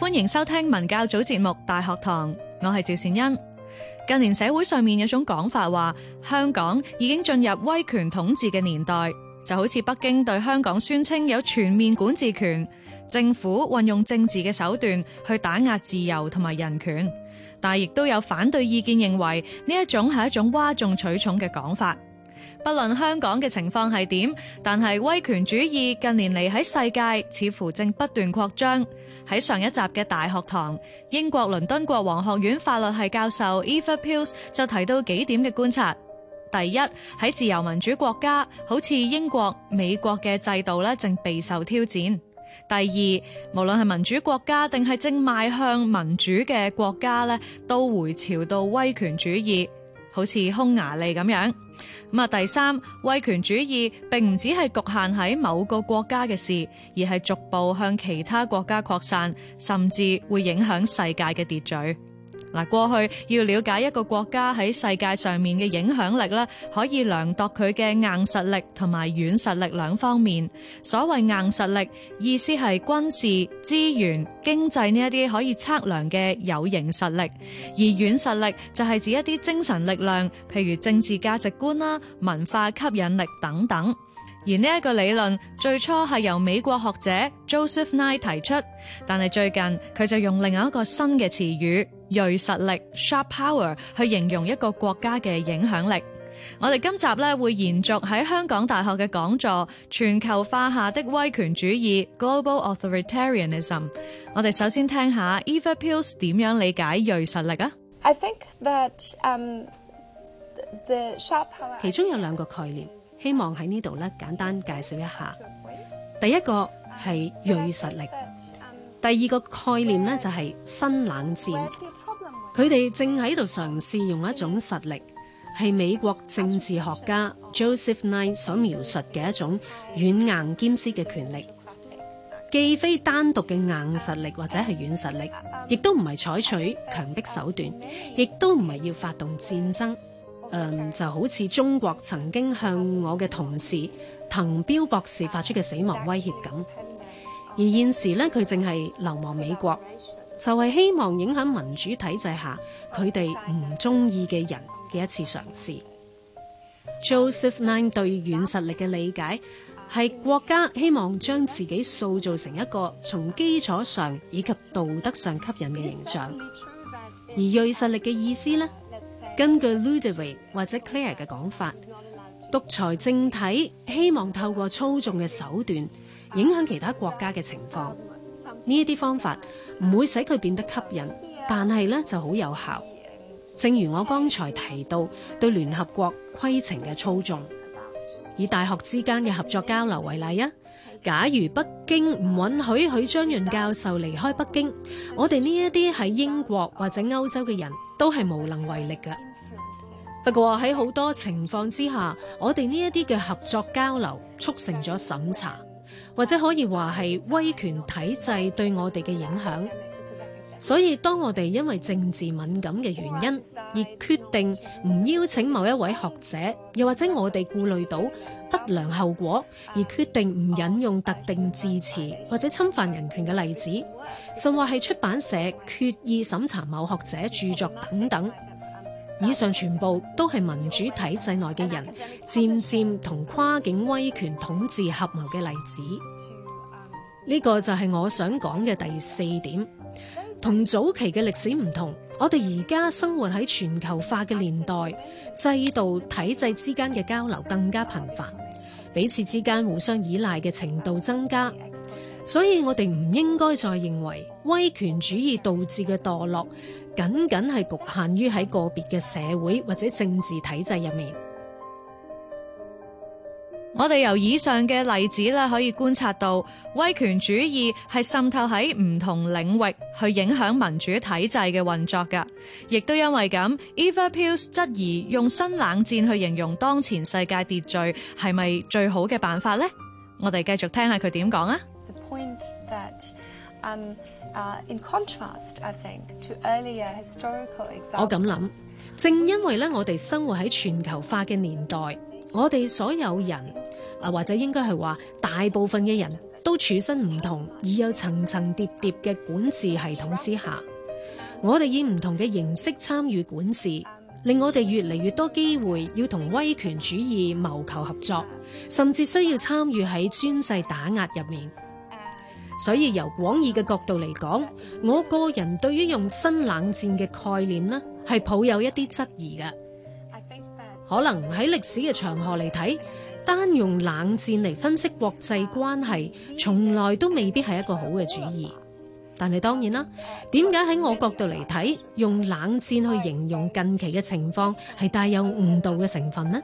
歡迎收聽文教組節目《大學堂》，我係趙善恩。近年社會上面有種講法話，香港已經進入威權統治嘅年代，就好似北京對香港宣稱有全面管治權，政府運用政治嘅手段去打壓自由同埋人權。但係亦都有反對意見認為呢一種係一種嘩眾取寵嘅講法。不論香港嘅情況係點，但係威權主義近年嚟，喺世界似乎正不斷擴張。喺上一集嘅大學堂，英國倫敦國王學院法律系教授 Eva Pills 就提到幾點嘅觀察：第一，喺自由民主國家，好似英國、美國嘅制度咧，正備受挑戰；第二，無論係民主國家定係正邁向民主嘅國家咧，都回潮到威權主義。好似匈牙利咁樣，咁啊第三，威權主義並唔只係局限喺某個國家嘅事，而係逐步向其他國家擴散，甚至會影響世界嘅秩序。嗱，過去要了解一個國家喺世界上面嘅影響力咧，可以量度佢嘅硬實力同埋軟實力兩方面。所謂硬實力，意思係軍事、資源、經濟呢一啲可以測量嘅有形實力；而軟實力就係指一啲精神力量，譬如政治價值觀啦、文化吸引力等等。而呢一個理論最初係由美國學者 Joseph Nye 提出，但係最近佢就用另外一個新嘅詞語銳實力 （Sharp Power） 去形容一個國家嘅影響力。我哋今集咧會延續喺香港大學嘅講座《全球化下的威權主義 （Global Authoritarianism）》。我哋首先聽一下 Eva Pills 點樣理解銳實力啊？I think that, um, the sharp power 其中有兩個概念。希望喺呢度咧，簡單介紹一下。第一個係銳實力，第二個概念呢就係、是、新冷戰。佢哋正喺度嘗試用一種實力，係美國政治學家 Joseph Nye 所描述嘅一種軟硬兼施嘅權力，既非單獨嘅硬實力或者係軟實力，亦都唔係採取強迫手段，亦都唔係要發動戰爭。嗯，um, 就好似中國曾經向我嘅同事滕彪博士發出嘅死亡威脅咁，而現時呢，佢淨係流亡美國，就係、是、希望影響民主體制下佢哋唔中意嘅人嘅一次嘗試。Joseph Nye 對軟實力嘅理解係國家希望將自己塑造成一個從基礎上以及道德上吸引嘅形象，而軟實力嘅意思呢？根據 Ludwig 或者 Clear 嘅講法，獨裁政體希望透過操縱嘅手段影響其他國家嘅情況。呢一啲方法唔會使佢變得吸引，但係咧就好有效。正如我剛才提到，對聯合國規程嘅操縱，以大學之間嘅合作交流為例啊。假如北京唔允許許章潤教授離開北京，我哋呢一啲喺英國或者歐洲嘅人都係無能為力噶。不過喺好多情況之下，我哋呢一啲嘅合作交流促成咗審查，或者可以話係威權體制對我哋嘅影響。所以，當我哋因為政治敏感嘅原因而決定唔邀請某一位學者，又或者我哋顧慮到不良後果而決定唔引用特定字詞，或者侵犯人權嘅例子，甚或係出版社決意審查某學者著作等等，以上全部都係民主體制內嘅人漸漸同跨境威權統治合謀嘅例子。呢個就係我想講嘅第四點。同早期嘅歷史唔同，我哋而家生活喺全球化嘅年代，制度體制之間嘅交流更加頻繁，彼此之間互相依賴嘅程度增加，所以我哋唔應該再認為威權主義導致嘅墮落，僅僅係局限於喺個別嘅社會或者政治體制入面。我哋由以上嘅例子咧，可以觀察到威權主義係滲透喺唔同領域去影響民主體制嘅運作噶，亦都因為咁，Eva Pils 質疑用新冷戰去形容當前世界秩序係咪最好嘅辦法咧？我哋繼續聽下佢點講啊！Examples，我咁諗，正因為咧，我哋生活喺全球化嘅年代。我哋所有人，啊，或者應該係話，大部分嘅人都處身唔同而有層層疊疊嘅管治系統之下，我哋以唔同嘅形式參與管治，令我哋越嚟越多機會要同威權主義謀求合作，甚至需要參與喺專制打壓入面。所以由廣義嘅角度嚟講，我個人對於用新冷戰嘅概念呢，係抱有一啲質疑嘅。可能喺歷史嘅長河嚟睇，單用冷戰嚟分析國際關係，從來都未必係一個好嘅主意。但係當然啦，點解喺我角度嚟睇，用冷戰去形容近期嘅情況係帶有誤導嘅成分呢？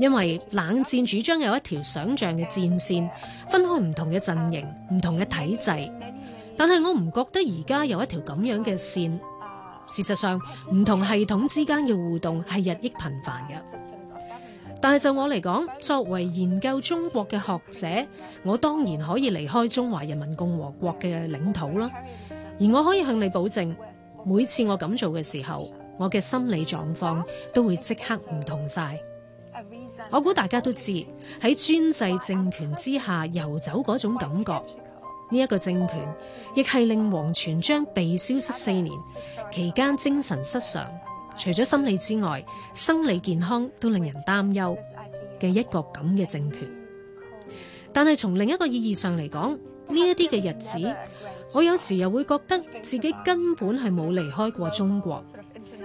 因為冷戰主張有一條想像嘅戰線，分開唔同嘅陣營、唔同嘅體制。但係我唔覺得而家有一條咁樣嘅線。事實上，唔同系統之間嘅互動係日益頻繁嘅。但係就我嚟講，作為研究中國嘅學者，我當然可以離開中華人民共和國嘅領土啦。而我可以向你保證，每次我咁做嘅時候，我嘅心理狀況都會即刻唔同晒。我估大家都知，喺專制政權之下遊走嗰種感覺。呢一個政權亦係令王全璋被消失四年期間精神失常，除咗心理之外，生理健康都令人擔憂嘅一個咁嘅政權。但係從另一個意義上嚟講，呢一啲嘅日子，我有時又會覺得自己根本係冇離開過中國，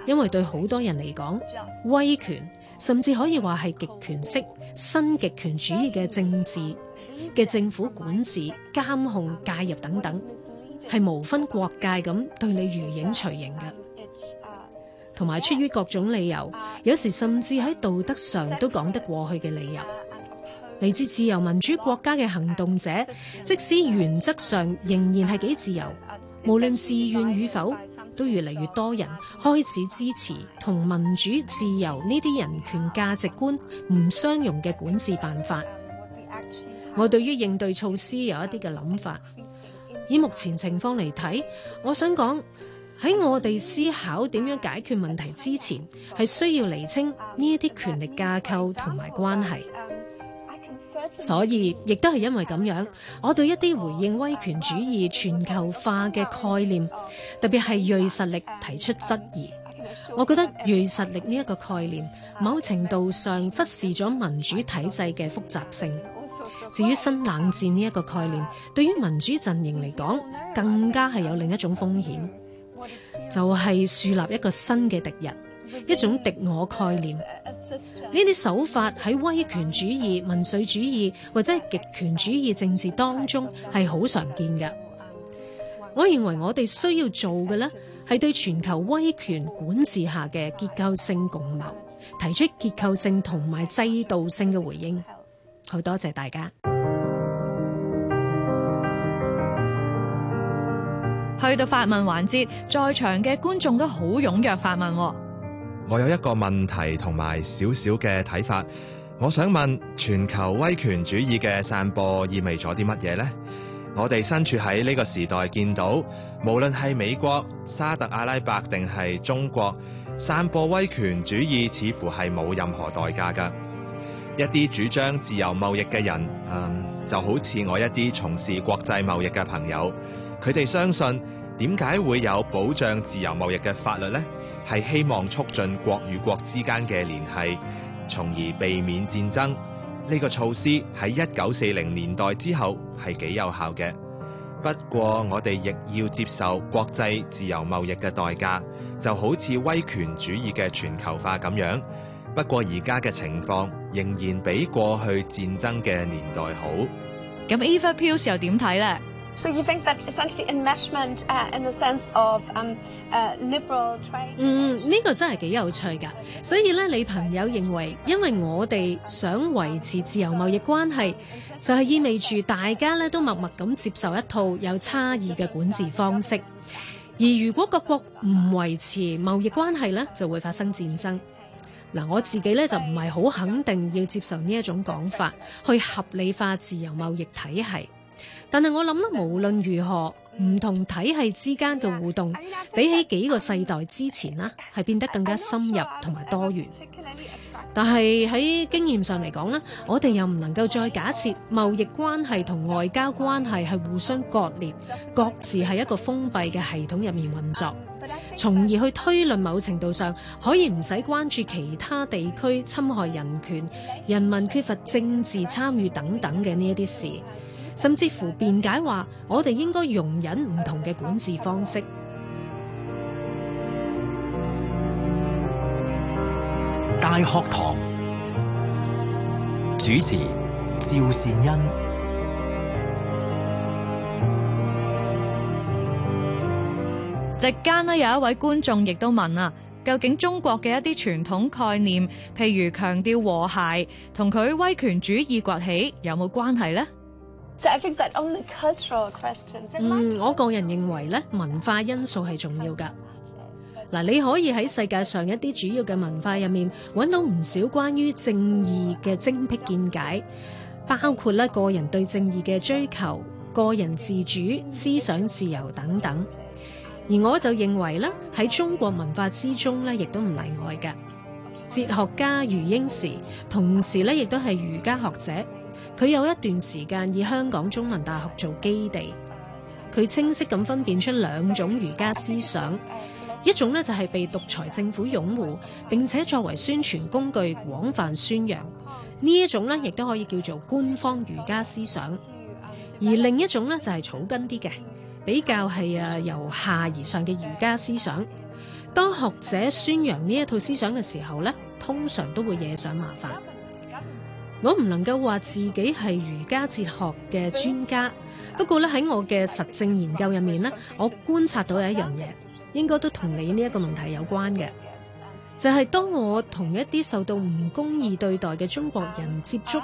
因為對好多人嚟講，威權甚至可以話係極權式、新極權主義嘅政治。嘅政府管治、監控、介入等等，係無分國界咁對你如影隨形嘅，同埋出於各種理由，有時甚至喺道德上都講得過去嘅理由。嚟自自由民主國家嘅行動者，即使原則上仍然係幾自由，無論自願與否，都越嚟越多人開始支持同民主、自由呢啲人權價值觀唔相容嘅管治辦法。我對於應對措施有一啲嘅諗法，以目前情況嚟睇，我想講喺我哋思考點樣解決問題之前，係需要釐清呢一啲權力架構同埋關係。所以，亦都係因為咁樣，我對一啲回應威權主義、全球化嘅概念，特別係銳實力提出質疑。我覺得銳實力呢一個概念，某程度上忽視咗民主體制嘅複雜性。至於新冷戰呢一個概念，對於民主陣營嚟講，更加係有另一種風險，就係樹立一個新嘅敵人，一種敵我概念。呢啲手法喺威權主義、民粹主義或者極權主義政治當中係好常見嘅。我認為我哋需要做嘅呢。係對全球威權管治下嘅結構性共謀提出結構性同埋制度性嘅回應。好多謝大家。去到發問環節，在場嘅觀眾都好踊躍發問。我有一個問題同埋小小嘅睇法，我想問：全球威權主義嘅散播意味咗啲乜嘢呢？」我哋身處喺呢個時代，見到無論係美國、沙特阿拉伯定係中國，散播威權主義似乎係冇任何代價噶。一啲主張自由貿易嘅人，嗯，就好似我一啲從事國際貿易嘅朋友，佢哋相信，點解會有保障自由貿易嘅法律呢？係希望促進國與國之間嘅聯繫，從而避免戰爭。呢個措施喺一九四零年代之後係幾有效嘅，不過我哋亦要接受國際自由貿易嘅代價，就好似威權主義嘅全球化咁樣。不過而家嘅情況仍然比過去戰爭嘅年代好。咁 Evertius 又點睇呢？So you think that essentially enmeshment, in the sense of a liberal trade, 嗯，呢個真係幾有趣噶。所以呢，你朋友認為，因為我哋想維持自由貿易關係，就係意味住大家咧都默默咁接受一套有差異嘅管治方式。而如果各國唔維持貿易關係咧，就會發生戰爭。嗱，我自己咧就唔係好肯定要接受呢一種講法，去合理化自由貿易體系。但係我諗，無論如何，唔同體系之間嘅互動，比起幾個世代之前啦，係變得更加深入同埋多元。但係喺經驗上嚟講，我哋又唔能夠再假設貿易關係同外交關係係互相割裂，各自係一個封閉嘅系統入面運作，從而去推論某程度上可以唔使關注其他地區侵害人權、人民缺乏政治參與等等嘅呢一啲事。甚至乎辯解話，我哋應該容忍唔同嘅管治方式。大學堂主持趙善恩，席間呢有一位觀眾亦都問啊，「究竟中國嘅一啲傳統概念，譬如強調和諧，同佢威權主義崛起有冇關係呢？」即係，我個人認為咧，文化因素係重要噶。嗱，你可以喺世界上一啲主要嘅文化入面揾到唔少關於正義嘅精闢見解，包括咧個人對正義嘅追求、個人自主、思想自由等等。而我就認為咧，喺中國文化之中咧，亦都唔例外嘅。哲學家余英時，同時咧亦都係儒家學者。佢有一段時間以香港中文大學做基地，佢清晰咁分辨出兩種儒家思想，一種呢，就係被獨裁政府擁護，並且作為宣傳工具廣泛宣揚，呢一種呢，亦都可以叫做官方儒家思想；而另一種呢，就係草根啲嘅，比較係啊由下而上嘅儒家思想。當學者宣揚呢一套思想嘅時候呢，通常都會惹上麻煩。我唔能夠話自己係儒家哲學嘅專家，不過咧喺我嘅實證研究入面咧，我觀察到有一樣嘢，應該都同你呢一個問題有關嘅，就係當我同一啲受到唔公義對待嘅中國人接觸，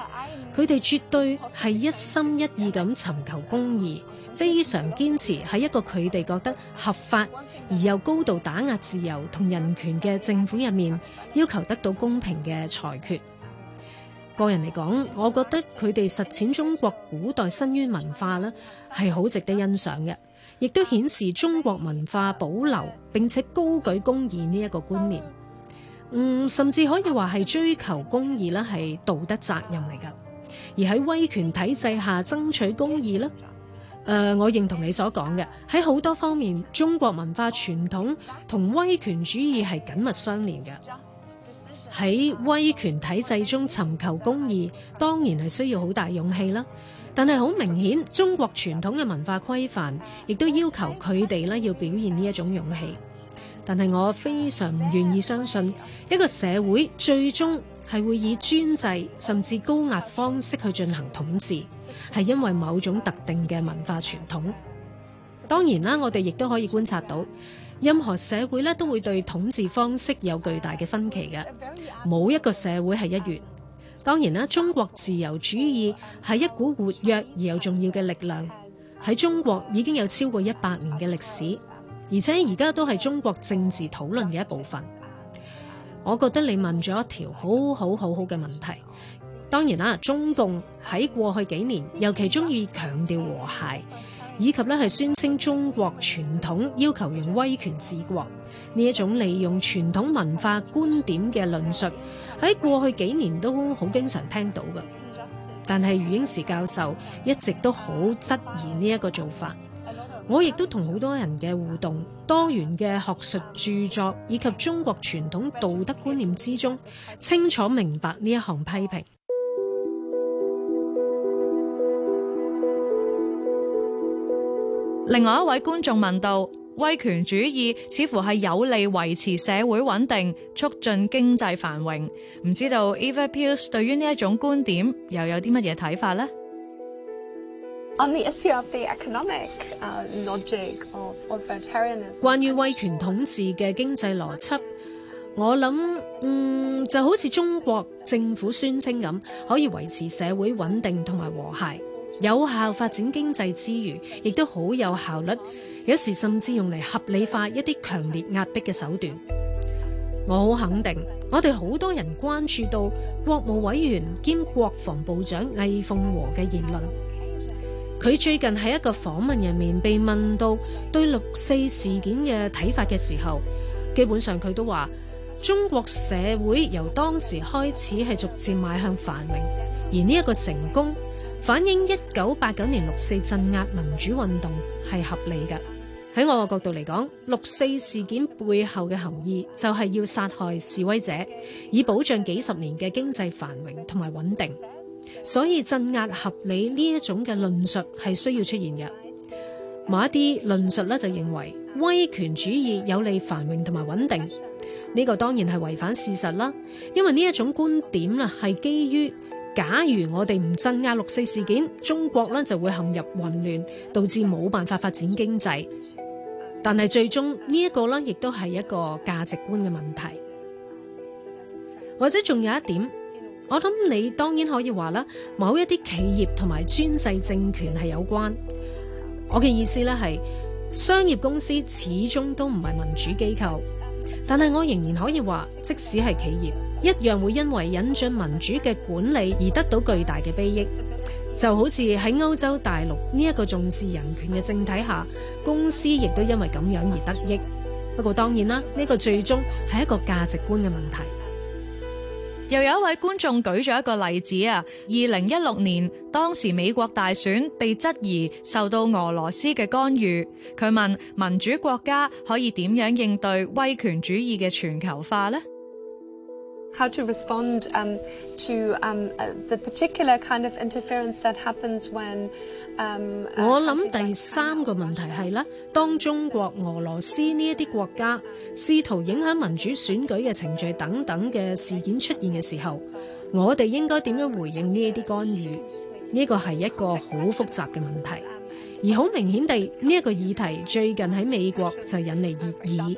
佢哋絕對係一心一意咁尋求公義，非常堅持喺一個佢哋覺得合法而又高度打壓自由同人權嘅政府入面，要求得到公平嘅裁決。個人嚟講，我覺得佢哋實踐中國古代申冤文化呢係好值得欣賞嘅，亦都顯示中國文化保留並且高舉公義呢一個觀念。嗯，甚至可以話係追求公義咧，係道德責任嚟㗎。而喺威權體制下爭取公義咧、呃，我認同你所講嘅喺好多方面，中國文化傳統同威權主義係緊密相連嘅。喺威權體制中尋求公義，當然係需要好大勇氣啦。但係好明顯，中國傳統嘅文化規範，亦都要求佢哋咧要表現呢一種勇氣。但係我非常唔願意相信一個社會最終係會以專制甚至高壓方式去進行統治，係因為某種特定嘅文化傳統。當然啦，我哋亦都可以觀察到。任何社會咧都會對統治方式有巨大嘅分歧嘅，冇一個社會係一元。當然啦，中國自由主義係一股活躍而又重要嘅力量，喺中國已經有超過一百年嘅歷史，而且而家都係中國政治討論嘅一部分。我覺得你問咗一條好好好好嘅問題。當然啦，中共喺過去幾年尤其中意強調和諧。以及咧係宣稱中國傳統要求用威權治國呢一種利用傳統文化觀點嘅論述，喺過去幾年都好經常聽到嘅。但係余英時教授一直都好質疑呢一個做法。我亦都同好多人嘅互動、多元嘅學術著作以及中國傳統道德觀念之中，清楚明白呢一項批評。另外一位觀眾問道：威權主義似乎係有利維持社會穩定、促進經濟繁榮，唔知道 Eva Pils 對於呢一種觀點又有啲乜嘢睇法呢？」關於威權統治嘅經濟邏輯，我諗嗯就好似中國政府宣稱咁，可以維持社會穩定同埋和諧。有效發展經濟之餘，亦都好有效率，有時甚至用嚟合理化一啲強烈壓迫嘅手段。我好肯定，我哋好多人關注到國務委員兼國防部長魏鳳和嘅言論。佢最近喺一個訪問入面被問到對六四事件嘅睇法嘅時候，基本上佢都話：中國社會由當時開始係逐漸邁向繁榮，而呢一個成功。反映一九八九年六四鎮壓民主運動係合理嘅，喺我嘅角度嚟講，六四事件背後嘅含義就係要殺害示威者，以保障幾十年嘅經濟繁榮同埋穩定。所以鎮壓合理呢一種嘅論述係需要出現嘅。某一啲論述咧就認為威權主義有利繁榮同埋穩定，呢個當然係違反事實啦，因為呢一種觀點啊，係基於。假如我哋唔鎮壓六四事件，中國咧就會陷入混亂，導致冇辦法發展經濟。但係最終呢一個咧，亦都係一個價值觀嘅問題。或者仲有一點，我諗你當然可以話啦，某一啲企業同埋專制政權係有關。我嘅意思咧係，商業公司始終都唔係民主機構，但係我仍然可以話，即使係企業。一樣會因為引進民主嘅管理而得到巨大嘅得益，就好似喺歐洲大陸呢一個重視人權嘅政體下，公司亦都因為咁樣而得益。不過當然啦，呢個最終係一個價值觀嘅問題。又有一位觀眾舉咗一個例子啊，二零一六年當時美國大選被質疑受到俄羅斯嘅干預，佢問民主國家可以點樣應對威權主義嘅全球化呢？」我諗第三個問題係咧，當中國、俄羅斯呢一啲國家試圖影響民主選舉嘅程序等等嘅事件出現嘅時候，我哋應該點樣回應呢一啲干預？呢個係一個好複雜嘅問題，而好明顯地，呢一個議題最近喺美國就引嚟熱議。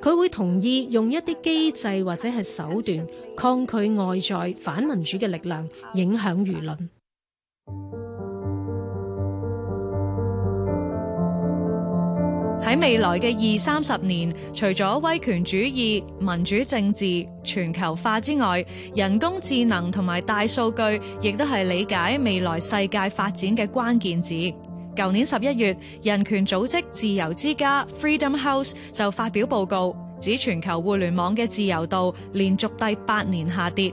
佢會同意用一啲機制或者係手段抗拒外在反民主嘅力量影響輿論。喺未來嘅二三十年，除咗威權主義、民主政治、全球化之外，人工智能同埋大數據亦都係理解未來世界發展嘅關鍵字。舊年十一月，人權組織自由之家 （Freedom House） 就發表報告，指全球互聯網嘅自由度連續第八年下跌。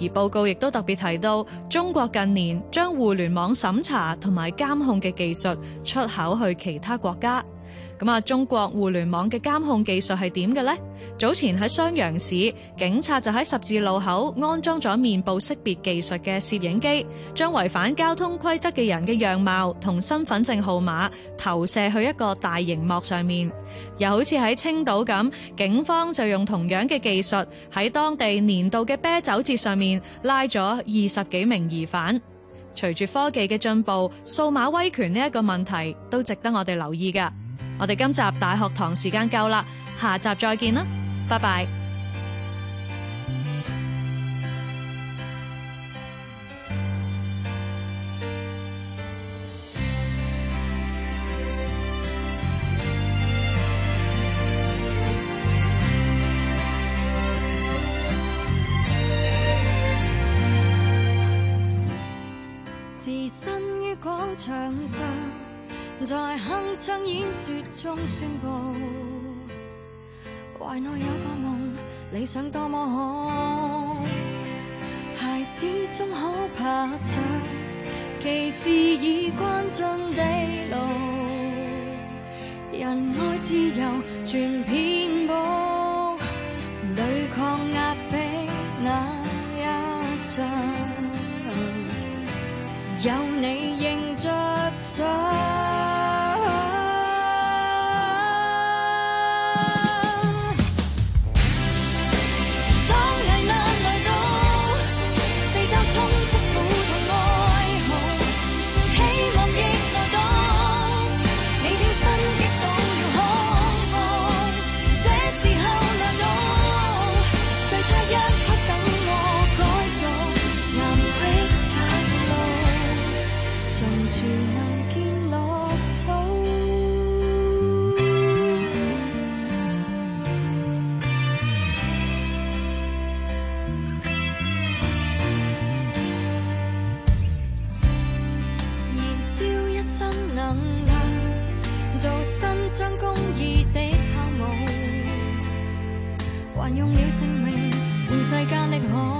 而報告亦都特別提到，中國近年將互聯網審查同埋監控嘅技術出口去其他國家。咁啊！中國互聯網嘅監控技術係點嘅咧？早前喺襄陽市警察，就喺十字路口安裝咗面部識別技術嘅攝影機，將違反交通規則嘅人嘅樣貌同身份證號碼投射去一個大熒幕上面。又好似喺青島咁，警方就用同樣嘅技術喺當地年度嘅啤酒節上面拉咗二十幾名疑犯。隨住科技嘅進步，數碼威權呢一個問題都值得我哋留意噶。我哋今集大學堂時間夠啦，下集再見啦，拜拜。置身於廣場上。在鏗鏘演說中宣布，懷內有個夢，理想多麼好。孩子終可拍掌，歧視已關進地牢。人愛自由，全遍佈。用了性命換世間的可。